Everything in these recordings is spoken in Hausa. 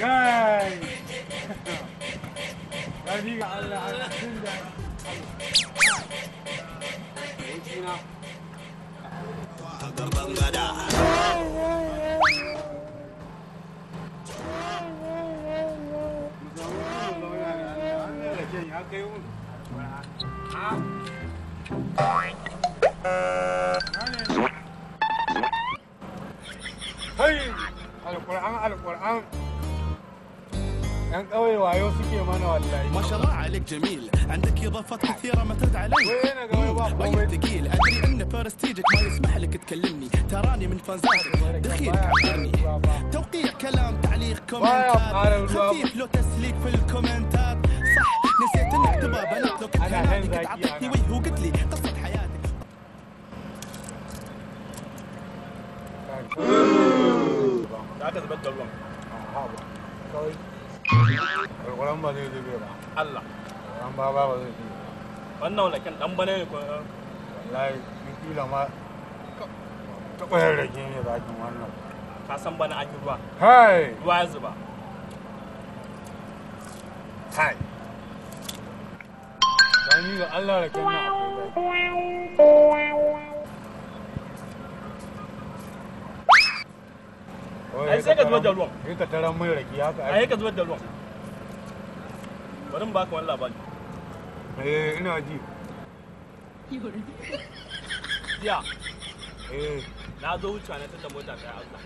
شاي هذيك على على Hey! Al Qur'an, al Qur'an. 'yan ƙauye wayo suke mana wallahi ما شاء الله عليك جميل عندك اضافات كثيره ما تدعى علي وين يا بابا؟ طيب، ثقيل ادري ان برستيجك ما يسمح لك تكلمني تراني من فانزاتك دخيلك عبرني توقيع كلام تعليق كومنتات خفيف لو تسليك في الكومنتات صح نسيت انك تبى بنات لو كنت هناك عطيتني وجه وقلت لي قصه حياتك طيب. لا تتبدل لون هذا طيب. Gwargwaron ba zai ba. Allah. ba ba ba zai ba. Wannan bane ne Wallahi, kila ma taɓa yin rage ne wannan. Ka san bana an ruwa. Hai! Ruwa ya zuba. Hai! Sani ga Allah akwai ai sai ka zubar da ruwan ka taran mai raki haka ai ka zubar da ruwan bari mu baka wani labari eh ina ji eh na zo wuce na tada mota Allah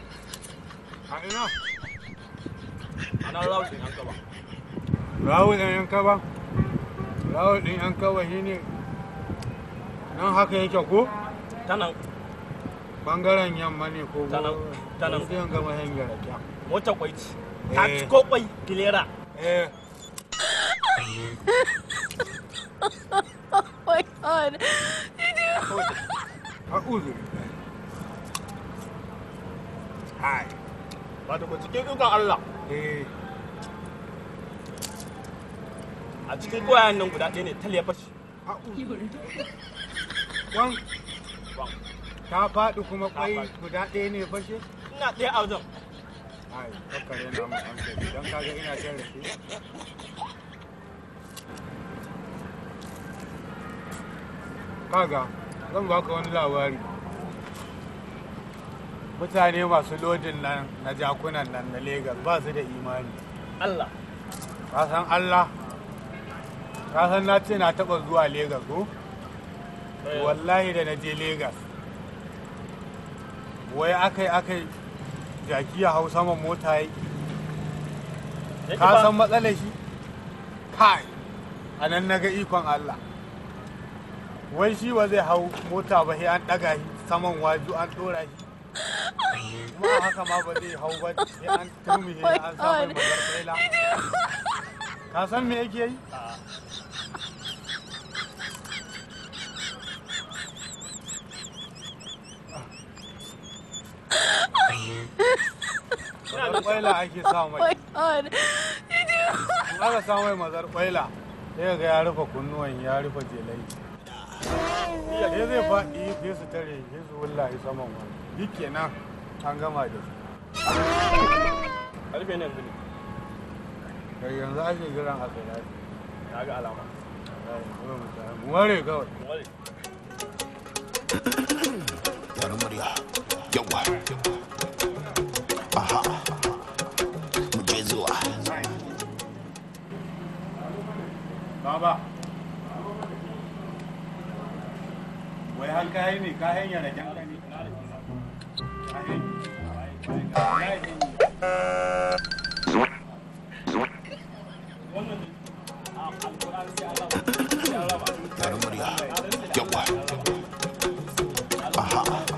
a ina ana ba yanka ba yanka ba shine nan haka yake ko bangaren yamma ne ko tanan zai gama hanyar kya mota kwai ci ta eh. ci ko kwai gilera eh oh my god a'udhu hai ba wato ku ke dukan Allah eh a cikin kwayan nan guda ɗaya ne tal ya a a'udhu wan wan ta faɗi kuma kwai guda ɗaya ne fashe ina ɗaya a wajen ai kakkare na mu an sai don kaga ina jan rake kaga zan baka wani labari mutane masu lodin nan na jakunan nan na Legas ba su da imani Allah ka san Allah ka san na ce na taɓa zuwa Legas ko eh. wallahi da na je Legas wai akai akai jaki ya hau saman mota yi ka san matsalar shi kai a nan na ga ikon Allah wai shi ba zai hau mota ba sai an daga shi saman waju an dora shi kuma haka ma ba zai hau ba sai an tumi an samu oh magarkaila ka san me yake yi ah. ƙwaila ake sa mai. Oh aka sa mai mazar ƙwaila. Sai ga ya rufe kunnuwan ya rufe jelai. Ya zai faɗi sai su tare sai su wulla ya saman wani. Duk kenan an gama da su. Karfe ne fili. Kai yanzu ake jiran a kai lafi. Na ga alama. Ware kawai. Ware. Wani murya. Yawwa. ba wai har kayan ne kayan yana kyan kayan